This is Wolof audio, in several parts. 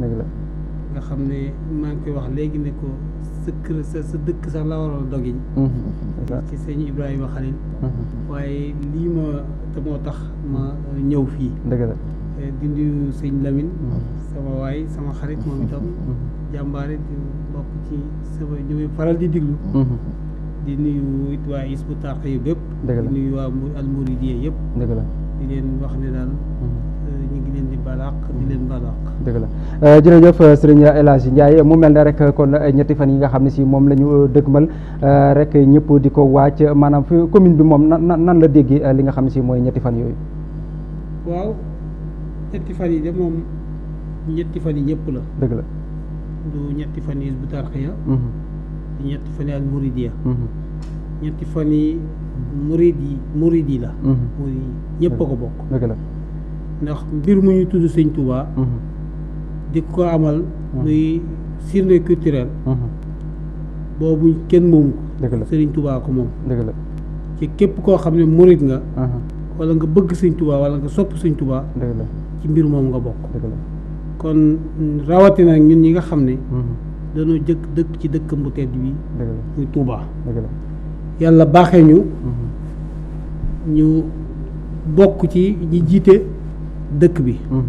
dëgg nga xam ne maa ngi koy wax léegi ne ko sa sa dëkk sax la waroon a dogiñ mm-hmm, mm-hmm, ci sëñ Ibrahima Khalil mm-hmm. waaye lii ma te moo tax ma ñëw fii dëgg eh, di nuyu sëñ Lamine sama waay sama xarit moom itam jàmbaare di bokk ci sama ñu faral di diglu di nuyu it waa Hizbut Tarqiyyah yëpp di nuyu waa Al yëpp di leen wax ne daal balaq di leen dëgg la euh, jërëjëf euh, sëriñ El Hadji Ndiaye mu mel ne rek euh, kon ñetti fan yi nga xam ne si moom la ñu dëgmal rek ñëpp di ko wàcc maanaam fi commune bi moom nan nan la déggee li nga xam ne si mooy ñetti fan yooyu waaw ñetti fan yi de moom ñetti fan yi ñëpp la dëgg la du ñetti fan yi bu tarxiya mhm. du ñetti fan yi al muridiya mhm. ñetti fan yi murid yi la murid mhm. yi a ko bokk ndax mbir mu ñu tudd sëñ Touba. Mhm. di ko amal mhm. muy journée culturelle mhm. boobu kenn moomu ko sëriñ Touba ko moom ci képp koo xam ne murit nga wala nga bëgg sëñ Touba wala nga sopp sëñ Touba ci mbir moom nga bokk kon rawatina nag ñun ñi nga xam ne dañoo jëkk dëkk ci dëkk bu tedd bi muy Touba yàlla baaxee ñu bokk ci ñi jiite dëkk bi mhm.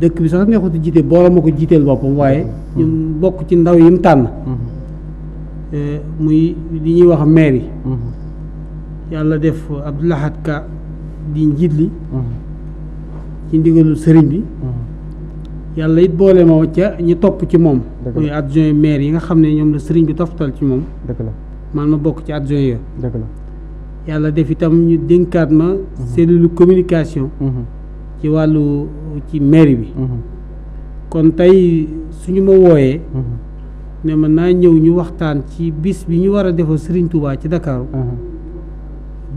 dëkk bi sax neexut a jiite booloo ma ko jiiteel boppam waaye mhm. ñun bokk ci ndaw yi mu tànn mhm. eh, muy li ñuy wax maire yi yàlla def Abdou Lahad Ka di njiit li ci ndigalu sëriñ bi yàlla it boole ma ca ñu topp ci moom muy adjoint maire yi nga xam ne ñoom la sëriñ bi toftal ci moom man ma bokk ci adjoint yooyu yàlla def itam ñu dénkaat ma cellule communication ci wàllu ci mairie bi mhm. kon tey suñu ma wooyee mhm. ne man naa ñëw ñu waxtaan ci bis bi ñu war a defal Serigne Touba ci Dakar. Mhm.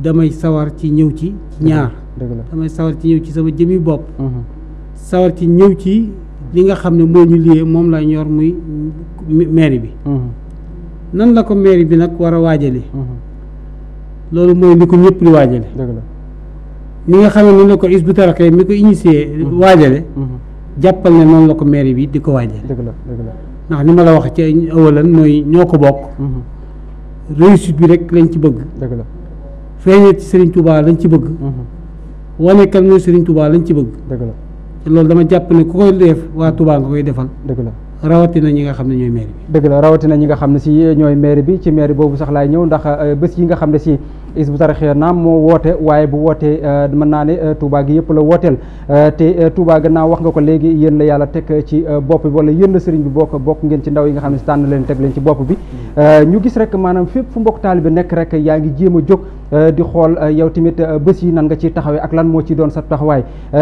damay sawar ci ñëw ci ci ñaar ci ñëw ci sama jëmi bopp sawar ci ñëw ci li nga xam ne moo ñu liyee moom la ñor muy mairie bi nan la ko mairie bi nag war a waajale loolu mooy li ko ñëpp di waajale ni nga xam ne ni la ko bu taraka mi ko initié waajale jàppal ne noonu la ko mairie bi di ko waajale ndax ni ma la wax ci awalan mooy ñoo ko bokk réussite bi rek lañ ci bëgg feeñee ci Serigne Touba lañ ci bëgg mhm. wane kan mooy Serigne Touba lañ ci bëgg loolu dama jàpp ne ku koy def waa Touba nga koy defal rawatina ñi nga xam ne ñooy mairie bi dëgg la rawatina ñi nga xam ne si ñooy mairie bi ci mairie boobu sax laay ñëw ndax euh, bés yi nga xam ne si Hizbut Tarqiyyah naam moo woote waaye bu wootee eh, mën naa ne eh, Touba gi yëpp la wooteel eh, te Touba gannaaw wax nga ko léegi yéen la yàlla teg ci bopp bi wala yën la sëriñ bi bokk bokk ngeen ci ndaw yi nga xam ne si tànn leen teg leen ci bopp bi mm. ñu gis rek maanaam fépp fu mbokk taalibe nekk rek yaa ngi jéem a jóg Euh, di xool euh, yow tamit euh, bés yi nan nga ciy taxawee ak lan moo ci doon sa taxawaay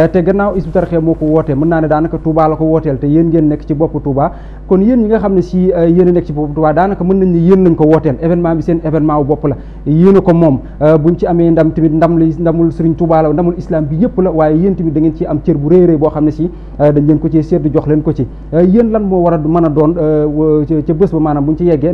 te gannaaw Hizbut Tarqiyyah moo ko wootee mën naa ne daanaka Touba la ko wooteel te yéen ngeen nekk ci boppu Touba kon yéen ñi nga xam ne si yéen a nekk ci boppu mën nañ ne yéen lañ ko wooteel événement bi seen événement wu bopp la ko moom buñ ci amee ndam tamit ndam li ndamul Serigne Touba la bi yëpp la waaye yéen tamit da ngeen ci am cër boo xam ne si dañ leen ko ci leen ko ci yéen lan moo war a mën a doon ca bés ba maanaam buñ ci yeggee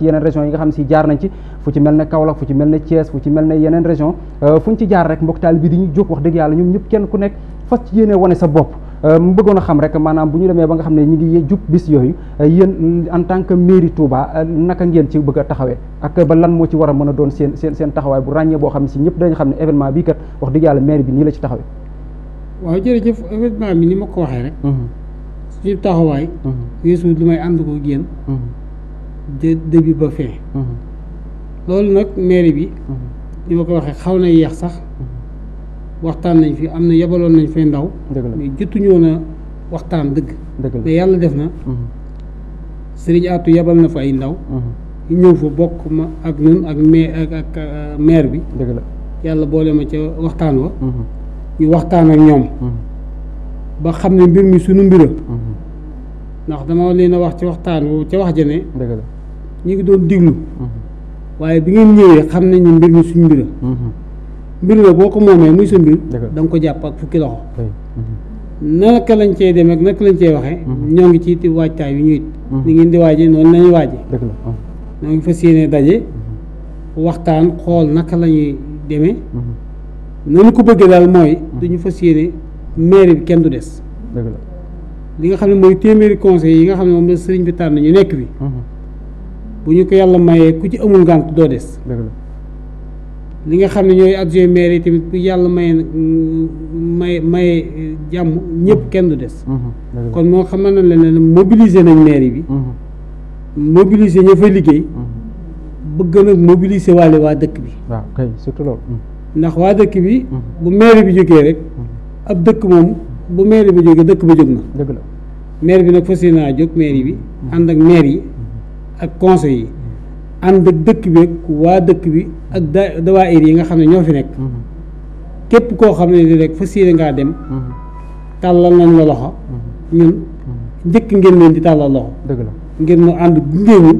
yeneen région yi nga xam ne si jaar nañ ci fu ci mel ne Kaolack fu ci mel ne Thiès fu ci mel ne yeneen région euh, fu ñu ci jaar rek mbokk taal bi di ñu jóg wax dëgg yàlla ñoom ñëpp kenn ku nekk fas ci yéene wane sa bopp euh, mu bëggoon a xam rek maanaam bu ñu demee ba nga xam ne ñu ngi jub bis yooyu euh, yéen en tant que mairie Touba naka ngeen ci bëgg a ak ba lan moo ci war a mën a doon seen seen seen taxawaay bu ràññee boo xam ne si ñëpp dañu xam ne événement bii kat wax dëgg yàlla maire ci taxawee ma ko waxee mhm. taxawaay mhm. weesu li may ànd ko génn mhm. de début ba fin loolu nag mairie bi mhm. ni ma ko waxee xaw na yéex sax mhm. waxtaan nañ fi am na yebaloon nañ fay ndaw mais jotuñoo na waxtaan dëgg mais yàlla def na mhm. sëriñ Atou yebal na fa ay ndaw ñu ñëw fa bokk ma ak ñun ak ma ak euh, bi dëgg yàlla boole ma ca waxtaan wa ñu waxtaan ak ñoom ba xam ne mbir mi sunu mbira ndax dama leen a wax ci waxtaan wu ca wax ja ne ñu ngi doon diglu waaye bi ngeen ñëwee xam nañ ne mbir mi suñ mbir mhm. mbir la boo ko moomee muy sa mbir da nga ko jàpp ak fukki loxo mhm. naka lañ cee demee ak naka lañ cee waxee mhm. ñoo ngi ci ti waajtaay wi ñu it ni ngeen di waaje noonu lañuy waajee ah. ñoo ngi fas yéene daje waxtaan xool naka la ñuy demee nañu ko bëggee daal mooy dañu fas yéene mairie bi kenn du des li nga xam ne mooy téeméeri conseil yi nga xam ne moom la sëriñ bi tànn ñu nekk wi bu ñu ko yàlla mayee ku ci amul ngànt doo des li nga xam ne ñooy adjoint maire yi tamit ku yàlla maye may maye jàmm ñëpp kenn du des mhm. kon moo xam na leen ne mobiliser nañ maire bi mhm. mobiliser ña fay liggéey mhm. bëgg nag mobiliser waale waa dëkk bi waaw kay ndax waa dëkk bi bu maire bi jógee rek ab dëkk moom bu maire bi jógee dëkk ba jóg na dëgg bi nag fas naa jóg maire bi ànd ak maire yi ak conseil yi ànd ak dëkk bi ak waa dëkk bi ak da dawaayir yi nga xam ne ñoo fi nekk mm-hmm. képp koo xam ne ni rek fas yéene ngaa dem mm-hmm. tàllal nañ la loxo mm-hmm. ñun njëkk ngeen leen di tàllal loxo ngeen mu ànd gungeewu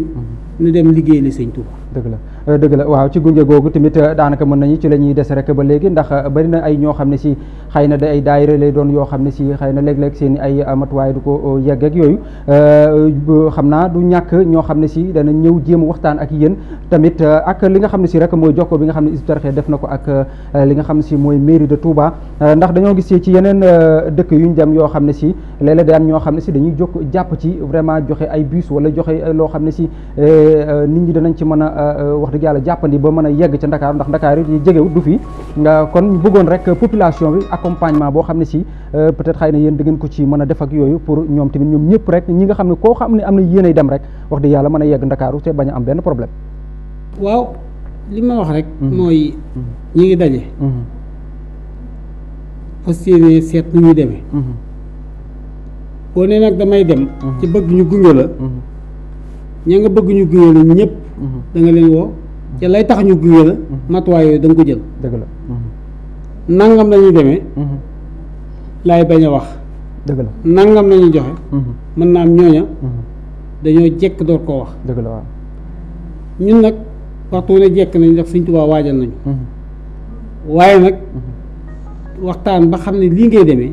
ñu dem liggéey li sëñ Tuuba dëgg la euh, dëgg la waaw ci gunge googu tamit euh, daanaka mën nañu ci la ñuy des rek ba léegi ndax euh, bari na ay ñoo xam ne si xëy na da ay daayira lay doon yoo xam ne si xëy na léeg-léeg seen ay matuwaay du ko yegg ak yooyu xam naa du ñàkk ñoo xam ne si dana ñëw jéem waxtaan ak yéen tamit ak li nga xam ne si rek mooy jokkoo bi nga xam ne Hizbut def na ko ak li nga xam si mooy mairie de Touba ndax dañoo gis ci yeneen dëkk yu ñu dem yoo xam ne si léeg-léeg ñoo xam ne si dañuy jokk jàpp ci vraiment joxe ay bus wala joxe loo xam ne si nit ñi danañ ci mën a Euh, wax dëgg yàlla jàppandi ba mën a yegg ca Ndakaaru ndax Ndakaar yi jegewut du fi kon ñu bëggoon rek population bi accompagnement boo xam ne si euh, peut-être xëy na yéen da ngeen ko ci mën a def ak yooyu pour ñoom tamit ñoom ñëpp a a li ma wax rek mm-hmm. mooy mm-hmm. ñi ngi daje mm-hmm. fas yéene seet nu ñuy demee ñu gunge la ña nga bëgg ñu gunge la ñëpp Mm-hmm. da nga leen woo ca lay tax ñu gunge la mm-hmm. matuwaay yooyu da nga ko jël dëgg la mm-hmm. nangam lañuy demee laay bañ a wax dëgg la nangam lañuy joxe mën naa am ñooña dañoo jekk door koo wax dëgg la waaw ñun nag waxtu ne jekk nañ ndax Sëñ Tuubaa waajal nañu waaye nag waxtaan ba xam ne lii ngay demee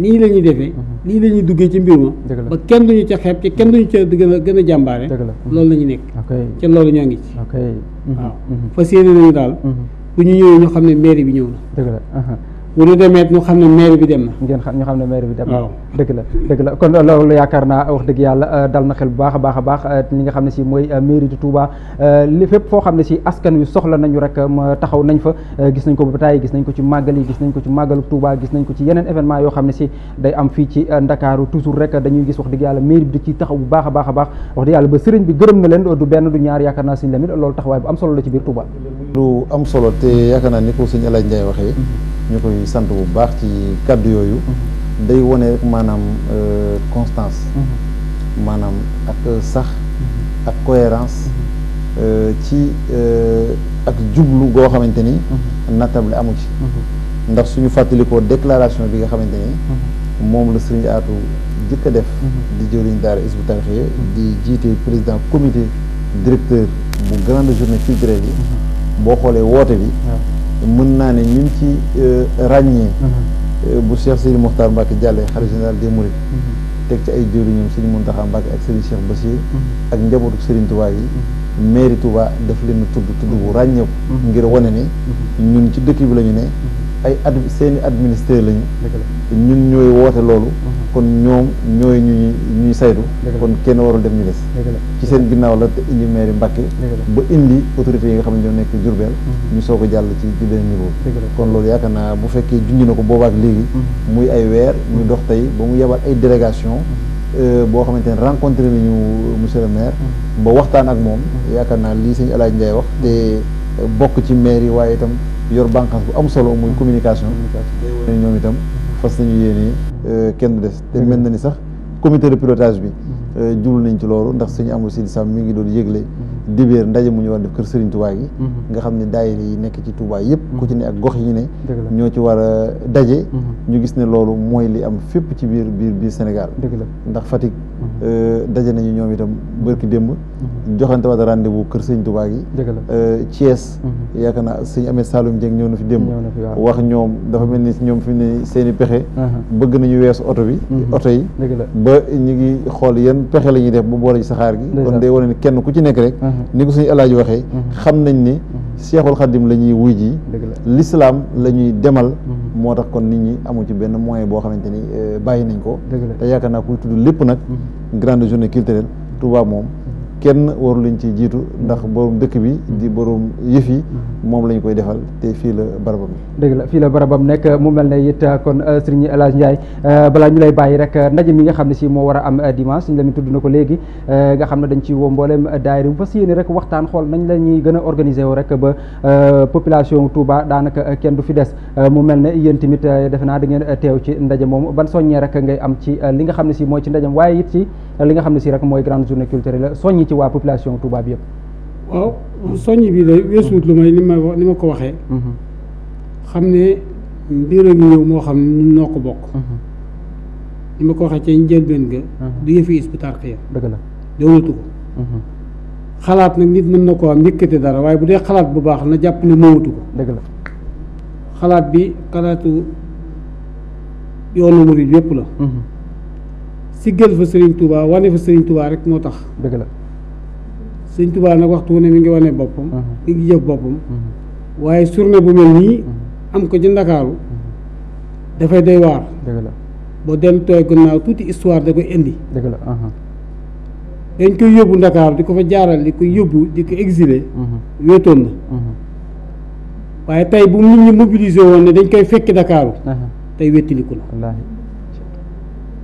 nii la ñuy defee mhm. nii la ñuy duggee ci mbir ma ba kenn duñu ca xeeb ci kenn duñu ca gën a gën a jàmbaare loolu la ñu nekk ca loolu ñoo ngi ci mhm. waaw mhm. fas yéene nañu daal bu ñu ñëwee ñoo xam ne mairie bi ñëw na bu ñu demee ñu xam ne maire bi dem na. dëgg la dëgg la kon loolu yaakaar naa wax dëgg yàlla euh, dal na xel bu baax a baax a baax li euh, nga xam ne si mooy euh, mairie de Touba li fépp foo xam ne si askan wi soxla nañu rek taxaw nañ fa gis nañ ko ba tàyyi ko ci màggal yi gis nañ ko ci màggalu Touba gis nañ ko ci yeneen événement yoo xam ne si day am fii ci Ndakaaru toujours rek dañuy gis wax dëgg yàlla mairie di ci taxaw bu baax a baax a baax wax dëgg yàlla ba sëriñ bi gërëm na leen du benn du ñaar yaakaar naa Sëriñ Lamine loolu taxawaay am solo la ci biir Touba lu am solo te koy sant bu baax ci kàddu yooyu mhm. day wone rek maanaam euh, constance mhm. maanaam ak euh, sax mhm. ak cohérence euh, ci ak jublu goo xamante ni nattable amu ci ndax suñu fàttalikoo déclaration bi nga xamante ni moom la suñu Aatu jëkk a def di jëwriñ daara Hizbut Tarqiyyah di jiitee président comité directeur bu grande journée culturelle yi boo xoolee woote bi mën naa ne ñun ci euh, ràññee mhm. euh, bu Cheikh Sidi Mokhtar Mbacke Dialle xalifa général des Mourides mhm. teg ci ay jëwriñam Sëriñ Mountakha Mbacke ak Sëriñ Cheikh Bassir mhm. ak njabootu Sëriñ Touba yi mairie Touba daf leen tudd tudd bu ràññeeku ngir wane ni ñun ci dëkk bi lañu ne ay ad seeni administré lañu ñun ñooy woote loolu kon ñoom ñooy ñu ñuy saytu kon kenn warul dem ñu des ci seen ginnaaw la te indi maire Mbàkke ba indi autorités yi nga xam ne ñoo nekk Jurbel ñu soog a jàll ci ci beneen niveau kon loolu yaakaar naa bu fekkee junj na ko boobaak léegi muy ay weer muy dox tey ba mu yebal ay délégation euh, boo xamante ne rencontré nañu euh, monsieur le maire ba waxtaan ak moom yaakaar naa lii sëñ alaaj Ndiaye wax te euh, bokk ci maire yi waaye itam yor bànqaas bu am solo muy mm-hmm. communication ne ñoom itam fas nañu yéene euh, kenn des te mm-hmm. mel na ni sax comité de pilotage bi mm-hmm. euh, jublu nañ ci loolu ndax suñu amul Sidi Samb mi ngi doon yëgle dibéer ndaje mu ñu war a def kër Serigne Touba nga xam ne daayira yi nekk ci Touba yëpp ku ci ne ak gox yi ne ñoo ci war a daje ñu gis ne loolu mooy li am fépp ci biir biir biir Sénégal ndax Fatick Euh, daje nañu ñoom itam bërki démb mhm. joxante waat rendez bu kër sëñ Tuubaa gi euh, Thiès mhm. yaakaar naa sëñ amee Saloum Dieng ñëw na fi démb wax ñoom dafa mel ni ñoom fi ne seeni pexe bëgg nañu weesu oto bi mhm. oto yi ba ñu ngi xool yan pexe la ñuy def bu boole ci saxaar gi kon day wane kenn ku ci nekk rek ni ko suñu alaaji waxee xam nañ ne Seexul Xadim la ñuy wuy ji l'islam la ñuy demal moo tax kon nit ñi amu ci benn moyen boo xamante ni euh, bàyyi nañ ko te yaakaar naa kuy tudd lépp nag mm-hmm. grande journée culturelle tubaab moom kenn waru lañ ci jiitu ndax borom dëkk bi mm-hmm. di borom yëf yi mm-hmm. moom lañ koy defal te fii la barabam la fii la barabam nekk mu mel ne it uh, kon uh, sëriñ la Hadj Ndiaye uh, balaa ñu lay bàyyi rek ndaje mi nga xam ne si moo war a am dimanche la mi tudd na ko léegi nga xam ne dañ ci woo mboolem daayira bu fas yéene rek waxtaan xool nañ la ñuy gën a organiser wu rek ba population Touba daanaka kenn du fi des mu mel ne yéen tamit defe naa da ngeen teew ci ndaje moom ban soññee rek ngay am ci li nga xam ne si mooy ci ndajam waaye it ci li nga xam ne si rek mooy grande journée culturelle soññi ci waa population Touba bi yëpp. waaw soññ bi de weesuut lu may ni ma ko waxee. Mhm. xam ne mbir a ngi ñëw moo xam ne noo ko bokk. Mhm. ni ma ko waxee ci njëlbeen ga. Mhm. du yëfi Hizbut Tarqiyyah. dëgg la dawlatu ko. xalaat nag nit mën na koo am yëkkate dara waaye bu dee xalaat bu baax na jàpp ne moomatu ko. dëgg la xalaat bi xalaatu yoonu murid yépp la. siggal fa Serigne Touba wane fa Serigne Touba rek moo tax. dëgg la. sëñ Tuubaa nag waxtu ne mi ngi wane boppam mi ngi jëf boppam waaye surne bu mel nii am ko ci ndakaaru dafay doy waar boo dem tooy gannaaw tuuti histoire da koy indi dañ koy yóbbu ndakaaru di ko fa jaaral di ko yóbbu di ko exilé wéetoon na waaye tey bu nit ñi mobilisé woon ne dañ koy fekki ndakaaru tey wéttiliku na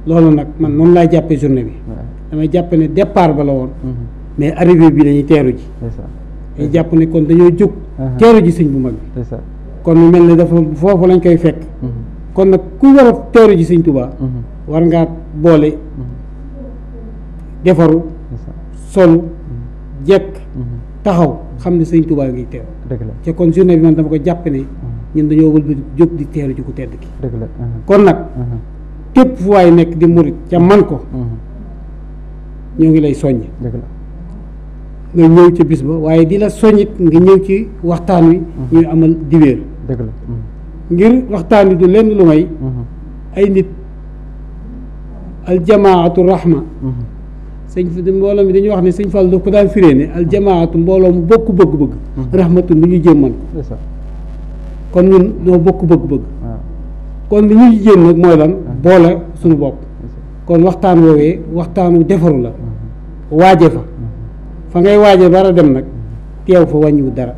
loolu nag man noonu laay jàppe journée bi damay jàpp ne départ ba la woon mais arrivé bi lañuy teeru ji ñu jàpp ne kon dañoo jóg uh-huh. teeru ji sëñ bu mag bi kon mu mel ne dafa foofu lañ koy fekk uh-huh. kon nag ku war a teeru ji sëñ Tuubaa uh-huh. war ngaa boole defaru solu jekk taxaw xam ne sëñ Tuubaa ngi teew te kon journée bi man dama ko jàpp ne ñun dañoo wëlbati jóg di teeru ji ku tedd ki kon nag képp fu waay nekk di murit ca man ko ñoo ngi lay soññ nga ñëw ci bis ba waaye di la ngi nga ñëw ci waxtaan wi mhm. ñuy amal diwéer mhm. ngir waxtaan wi du lenn lu may mhm. ay nit aljamaatu rahma sëñ mbooloo mi dañuy wax ne sëñ Fall da ko daan firée ne aljamaatu mbooloo mu bokk bëgg-bëgg rahmatu lu ñu jëm man kon ñun noo bokk bëgg-bëgg kon li ñuy jéem mooy lan boole suñu bopp kon waxtaan woowee waxtaanu defaru la waaje fa dangay ngay waaje war a dem nag teew fa wàññiwu dara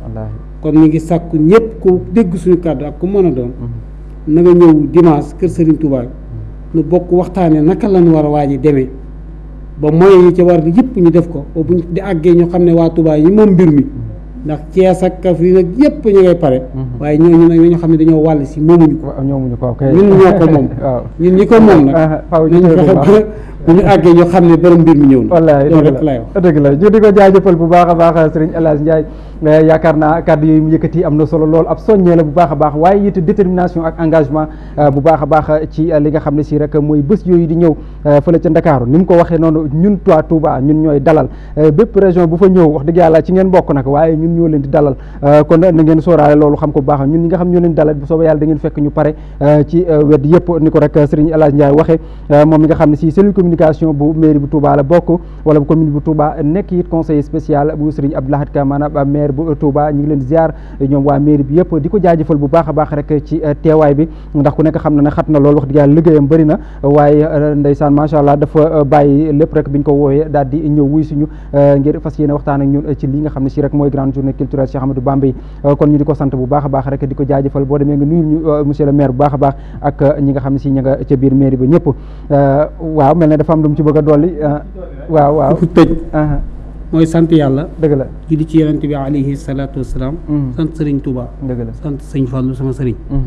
kon ñu ngi sàkku ñëpp ku dégg suñu kàddu ak ku mën a doon mm-hmm. na nga ñëw dimanche kër Serigne Touba mm-hmm. nu bokk waxtaanee naka lañ war a waaje demee ba moyens yi ca war yëpp ñu def ko ba buñ di àggee ñu xam ne waa Touba yi moom mbir mi ndax Cees ak Kaffrine ak yëpp ñu ngay pare mhm. waaye ñooñu nag ñu xam ne dañoo wàll si moomuñu ko ah, ko ñun ñoo ko moom ñun ñi ko moom nag ah, nañ fexe ba bu ñu àggee ñu xam ne borom mbir mi ñëw na wallaay dëgg la dëgg la ñu di ko jaajëfal bu baax a baax Serigne El Hadj Ndiaye yaakaar naa kàddu yooyu mu yëkkati am na solo lool ab soññee la bu baax a baax waaye it détermination ak engagement euh, bu baax a baax ci euh, li nga xam ne si rek mooy bés yooyu di ñëw euh, fële ca Ndakaaru ni mu ko waxee noonu ñun toi Touba ñun ñooy dalal bépp région bu fa ñëw wax dëgg yàlla ci ngeen bokk nag waaye ñun ñoo leen di dalal kon na ngeen sóoraale loolu xam ko bu baax ñun ñi nga xam ñoo leen dalal bu soobee yàlla da fekk ñu pare ci wet yëpp waxee moom mi nga xam ne si cellule communication bu mairie bu Touba la bokk wala bu commune bu maire bu Touba ñu ngi leen ziar ñoom waa mairie bi yëpp di ko jaajëfal bu baax a baax rek ci eh, teewaay bi ndax ku nekk xam na ne xat na lool wax dëgg yàlla liggéeyam bëri na waaye eh, ndeysaan macha allah dafa eh, bàyyi lépp rek bi ñu ko woowee daal di ñëw wuy suñu ngir fas yéene waxtaan ak ñun ci li nga xam ne si rek mooy grande journée culturelle Cheikh Ahmadou Bamba yi kon ñu di ko sant bu boo demee nga nuyul ñu monsieur a baax ak ñi nga xam ne si ña nga ca biir mairie ba ñëpp waaw mel ne dafa am lu ci bëgg a dolli waaw waaw mooy sant yàlla. dëgg la julli ci yonent bi alayhi salaatu wasalaam. Mm. sant sëriñ Touba. dëgg la sant sëriñ Fallou sama sëriñ. Mm.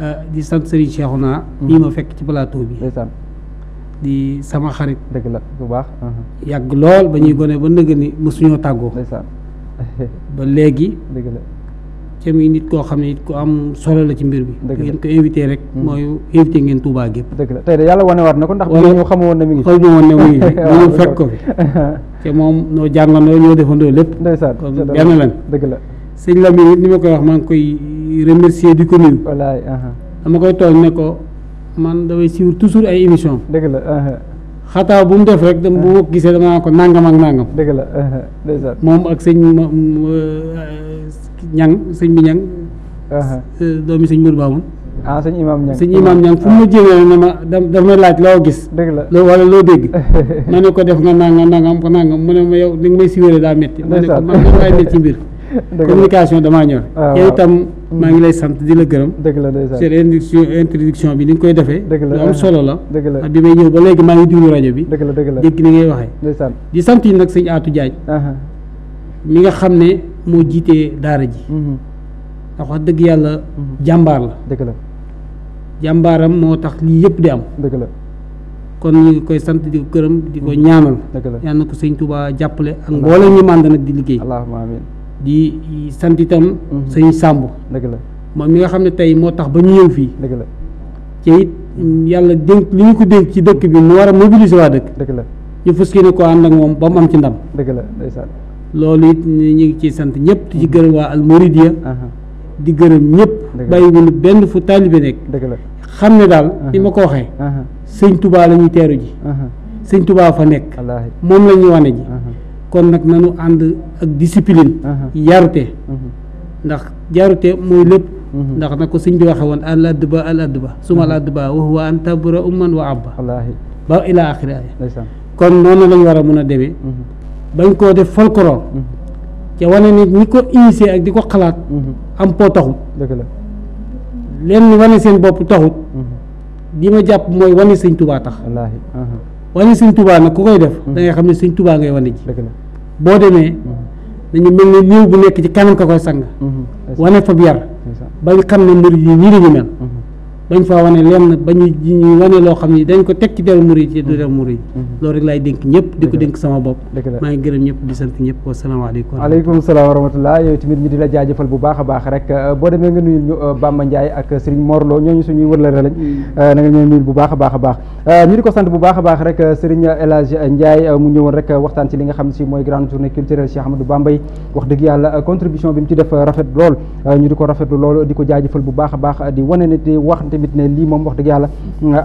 Euh, di sant sëriñ Cheikhouna. Mm. mii ma fekk ci plateau bi. di sama xarit. dëgg la bu baax. Mm-hmm. yàgg lool ba ñuy gone ba nëgg ni mësuñoo tàggoo. ba léegi. dëgg te muy nit koo xam ne nit ku am solo la ci mbir bi ngeen ko invité rek mm. mooy invité ngeen Touba gépp dëgg la tey de yàlla wane waat na ko ndax ñu xamu woon ne mi mu ngi fekk ko fi te moom noo jàngandoo ñoo defandoo lépp ndeysaan kon benn lan dëgg la sëñ Lamine nit ni ma koy wax maa ngi koy remercier di ko nuyu wallaay uh-huh. dama koy tooñ ne ko man damay suivre toujours ay émission dëgg la uh-huh. xataa bu mu def rek dama bu ma gisee dama ko nangam ak nangam la uh-huh. moom ak sëñ ñang sëñ bi ñang uh-huh. euh, doomi sëñ Mourou Mamoun ah sëñ imaam ñang sëñ imaam ñang fu mu uh-huh. jéemee ne ma daf ma laaj loo gis dëgg la loo wala loo dégg ma ne ko def nga nangam nanga ko nangam mu ne ma yow li nga may siwéle daa métti ma ne ko man man maay métti ci mbir communication damaa ñor ah, yow itam mm. maa ngi lay sant di la gërëm dëgg la introduction introduction bi ni nga koy defee lu am solo la ak ah, bi may ñëw ba léegi maa ngi déglu rajo bi dëgg la dëgg la dégg ni ngay waxee di sant yi nag sëñ Atou Diagne uh-huh. mi nga xam ne moo jiitee daara ji mhm. ndax wax dëgg yàlla mhm. jàmbaar la dëgg jàmbaaram moo tax lii yëpp di am dëgg la kon ñu ngi koy sant di ko gërëm di ko mhm. ñaanal yal ko sëñ Touba jàppale ak mboolem ñi mànd nag di liggéey di sant itam sëñ Samb dëgg la moom mi nga xam ne tey moo tax ba ñu yëw fii dëgg la te yàlla dénk li ñu ko dénk ci dëkk bi mu war a mobiliser waa dëkk dëgg la ñu fas yéene ko ànd ak moom ba mu am ci ndam dëgg la loolu it ñu ngi ci sant ñëpp di ci gërëm waa almuridiya di gërëm ñëpp bàyyiwul benn fu taalibe nekk xam ne daal li ma ko waxee sëñ tubaa lañuy ñuy teeru ji sëñ tubaa fa nekk moom la ñuy wane ji kon nag nanu ànd ak discipline yarute ndax jarute mooy lépp ndax na ko sëñ di waxe woon al adba al adba suma al adba wa huwa an umman wa abba ba ila axiri kon noonu lañ war a mun a demee bañ koo def folklore mm-hmm. ca wane ni ñi ko initié ak di ko xalaat mm-hmm. am poo taxut leen wane seen bopp taxut mm-hmm. li ma jàpp mooy wane sëñ tubaa tax uh-huh. wane sëñ tubaa nag ku koy def da ngay xam ne sëñ tubaa ngay wane ji boo demee dañu mel ne néew bu nekk ci kanam ka koy sang wane fab yar bañ xam ne mbir yi nii lañu mel bañ faa wane lenn ba ñu ñu wane loo xam ne dañ ko teg ci deru murid ci du mm-hmm. deru mm-hmm. loolu rek laay dénk ñëpp di ko dénk sama bopp maa ngi gërëm ñëpp di sant ñëpp wasalaamaaleykum aleykum salaam wa rahmatullah yow tamit ñu di la bu baax a baax rek euh, boo demee euh, ak Serigne mm. euh, bu baax a a baax ñu di ko sant bu baax a baax rek Serigne El Hadj Ndiaye mu ñëwoon rek li nga xam si mooy grande journée culturelle Cheikh Ahmadou Bamba yi wax dëgg yàlla contribution bi mu ci def rafet lool ñu di ko rafetlu lool di ko jaajëfal bu baax a baax di wane ne di waxante tamit ne lii moom wax dëgg yàlla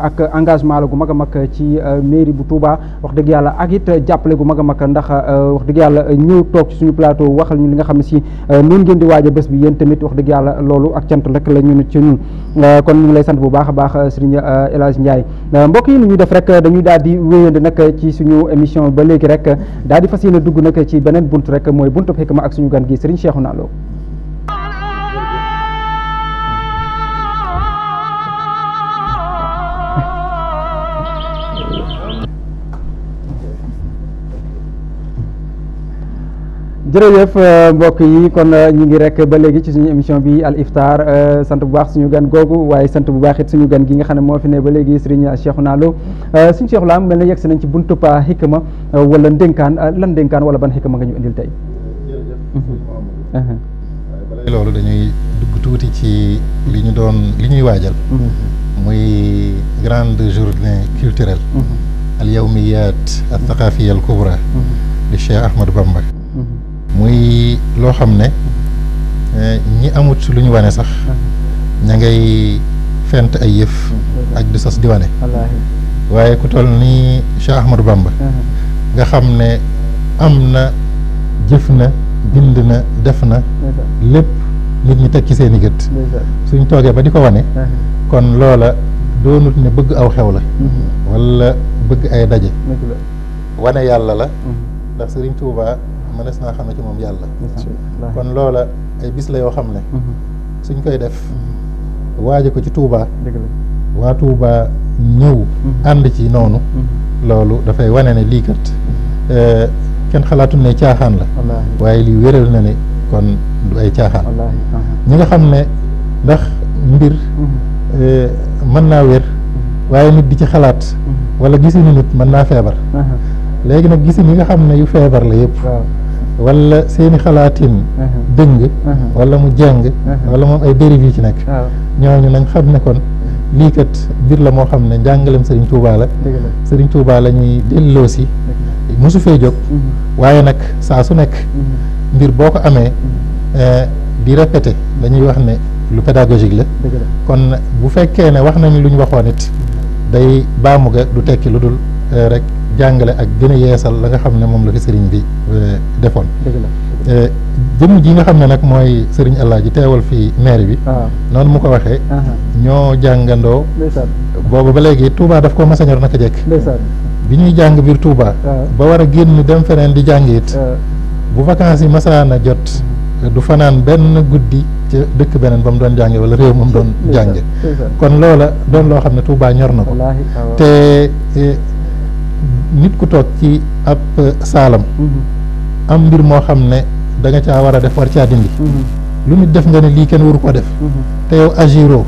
ak engagement la gu mag a mag ci euh, mairie bu Touba wax dëgg yàlla ak it jàppale gu mag a mag ndax euh, wax dëgg yàlla ñëw toog ci suñu plateau waxal ñu li nga xam ne si euh, noonu ngeen di waaj a bés bi yéen tamit wax dëgg yàlla loolu ak cant rek la ñun ci ñun kon lay sant bu baax a baax Serigne El Hadj Ndiaye mbokk yi lu ñuy def rek dañuy daal di wéyandi nag ci suñu émission ba léegi rek daal di fas yéene dugg nag ci beneen bunt rek mooy buntu xikma ak suñu gan gi Serigne Cheikhouna Lo jërëjëf euh, mbokk yi kon euh, ñu ngi rek ba léegi ci suñu émission bi al iftar euh, sant bu baax suñu gan googu waaye sant bu baax it suñu gan gi nga xam ne moo fi ne ba léegi Serigne Cheikhouna Lo suñu laa mel na yegsi nañ ci buntu pa xikma wala ndénkaan lan ndénkaan wala ban xikma nga ñu indil tey. loolu dañuy dugg tuuti ci li ñu doon li ñuy waajal. Mm-hmm. muy grande journée culturelle. Mm-hmm. al yawmiyat al thaqafiya al kubra. di mm-hmm. Cheikh Ahmadou Bamba. muy loo xam ne eh, ñi amut lu ñu wane sax ña ngay fent ay yëf ak di sos di wane waaye ku toll ni Cheikh Ahmadou Bamba nga xam ne am na jëf na bind na def na lépp nit ñi teg ci seeni gët suñ toogee ba di ko wane kon loola doonut ne bëgg aw xew la mhm. wala bëgg ay daje wane yàlla la mhm. ndax Sëriñ Tuubaa mënees naa xame ci moom yàlla kon loola ay bis la yoo xam ne mhm. suñ koy def mhm. waaje ko ci tuubaa waa Touba ñëw mhm. ànd ci noonu loolu dafay wane ne lii kat euh, kenn xalaatul ne caaxaan la waaye lii wéral na ne kon du ay caaxaan uh-huh. ñi nga xam ne ndax mbir euh, mën naa wér waaye nit di ci xalaat wala gisuñu nit mën naa feebar uh-huh. léegi nag gisin yi nga xam ne yu feebar la yëpp wala seeni xalaatin uh-huh. dëng uh-huh. walla mu jeng uh-huh. wala moom ay dérive yu ci nekk ñooñu nañ xam ne kon lii kat mbir la moo xam ne njàngalem sëriñ Touba la Serigne Touba la ñuy delloosi mosu fee jóg waaye nag saa su nekk mbir boo ko amee eh, di répété dañuy wax ne lu pédagogique la kon bu fekkee ne wax nañu lu ñu waxoon it day baamu ga du tekki lu dul rek jàngale ak gën a yeesal la nga xam ne moom la fi sëriñ bi euh, defoon euh, jëm ji nga xam ne nag mooy sëriñ ji teewal fii maire bi ah. noonu mu ko waxee ah. ñoo jàngandoo boobu ba léegi Touba daf ko na naka jekk bi ñuy jàng biir Touba ah. ba war a génn dem feneen di jàng bu vacances yi masaana jot du fanaan benn guddi ca dëkk beneen ba mu doon jànge wala réew moom doon jànge kon loola doon loo xam ne Touba ñor na ko te eh, nit ku toog ci ab euh, saalam mm-hmm. am mbir moo xam ne danga nga war a def war caa dindi mm-hmm. lu nit def nga ne lii kenn waru ko def mm-hmm. te yow agiro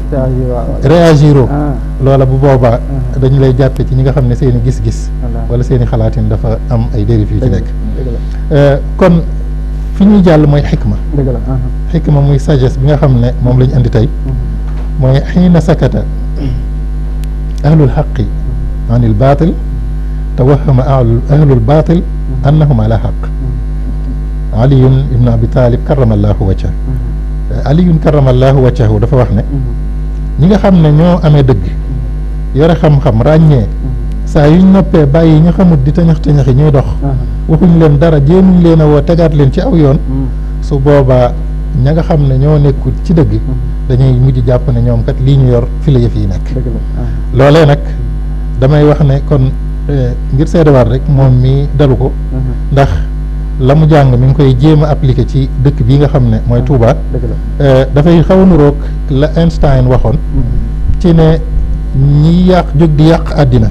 réagiro ah. loola bu boobaa ah. dañ lay jàppe ci ñi nga xam ne seen gis-gis wala seeni i xalaatin dafa am ay dérives ci nekk euh, kon fi ñuy jàll mooy xikma ah. xikma muy sagesse bi nga xam ne moom lañu indi andi tey mooy xiina sakata ahlul xaqi anil baatil tawahama ahlul baatil annahum ala xaq aliyun ibnu abi taalib karamallahu wacca aliyun karamallahu waccahu dafa wax ne ñi nga xam ne ñoo amee dëgg yore xam-xam ràññee saa yuñ noppee bàyyi ñu xamut di tañax tañaxi ñuy dox waxuñ leen dara jéemuñ leen a tegaat leen ci aw yoon su boobaa ña nga xam ne ñoo nekkul ci dëgg dañuy mujj jàpp ne ñoom kat lii ñu yor fi la yëf yi nekk ah. loolee nag damay wax ne kon Eh, ngir seedewaat rek moom mi dalu ko mhm. ndax la mu jàng mi ngi koy jéem a appliqué ci dëkk bii nga xam ne mooy mhm. Touba eh, dafay xaw a nuroog la Einstein waxoon mhm. ci ne ñi yàq jóg di yàq àddina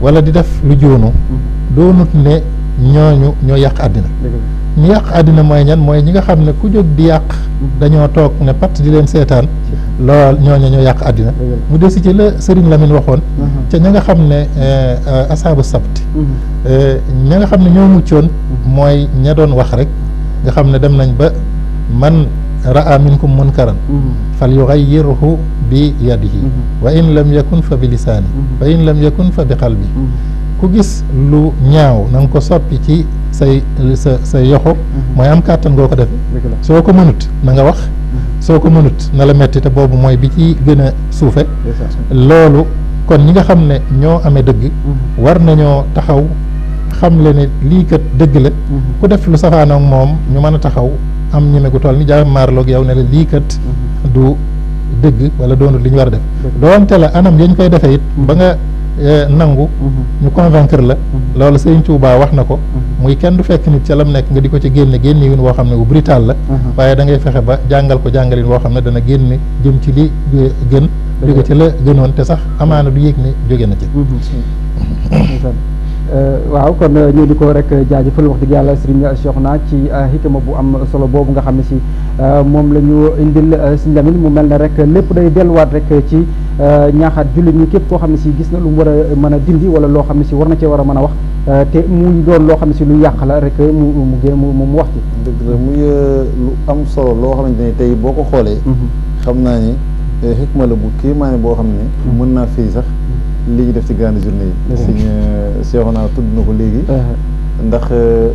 wala di def lu joonu doonut ne ñooñu ñoo yàq àddina ñu yàq àddina mooy ñan mooy ñi nga xam ne ku jóg di yàq mm-hmm. dañoo toog ne pat di leen seetaan lool ñooñu ñoo yàq àddina mu des ci la Sëriñ Lamine waxoon mm-hmm. ca ña nga xam ne eh, eh, asaabu sabti mm-hmm. eh, ña nga xam ne ñoo muccoon mooy ña doon wax rek nga xam ne dem nañ ba man karam raa minkum munkaran fal yugayyirhu bi yadihi wa in lam yakun fa bi lisaani wa in lam yakun fa bi qalbi ku gis lu ñaaw na nga ko soppi ci say sa say yoxo mhm. mooy am kàttan goo ko defe soo ko mënut na nga wax mhm. soo ko mënut na la metti boobu mooy bi ci gën a suufe loolu kon ñi nga xam ne ñoo amee dëgg mhm. war nañoo taxaw xam le ne lii kat dëgg la ku def lu safaanoog moom ñu mën a taxaw am ñeme gu tool ni jaam maarloog yow ne la lii kat du dëgg wala doonut li war a def doonte la anam yañ koy defee it ba nga Eh, mm-hmm. nangu mm-hmm. ñu convaincre la mm-hmm. loolu Sëriñ Tuubaa wax na ko muy kenn du fekk nit ca lam nekk nga di ko ci génne génne win woo xam ne bu brutal la waaye da ngay fexe ba jàngal ko jàngalin woo xam ne dana génne jëm ci li eh, gën jóge ci la gënoon te sax amaana du yéeg ne jóge na ci Euh, waaw kon euh, ñu di ko rek euh, jaajëfal wax dëgg yàlla Serigne Cheikhouna ci xikma bu am solo boobu nga xam ne si moom la ñu indil Serigne Lamine mu mel na rek lépp day delluwaat rek ci ñaaxaat jullit ñu képp koo xam ne si gis na lu mu war a mën a dindi wala loo xam ne si war na cee war a mën a wax te muy doon loo xam ne si lu yàq la rek mu mu gën mu wax ci. dëgg la muy lu am solo loo xamante ne tey boo ko xoolee. Mhm. xam naa ne xikma la bu kéemaane boo xam ne. Mhm. mën naa fii sax. li ñu def ci grande journée yi suñu Seexuna euh, tudd na ko léegi ah. ndax euh,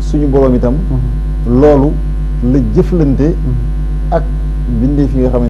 suñu boroom itam mm-hmm. loolu la jëflante mm-hmm. ak bindee fi nga xamante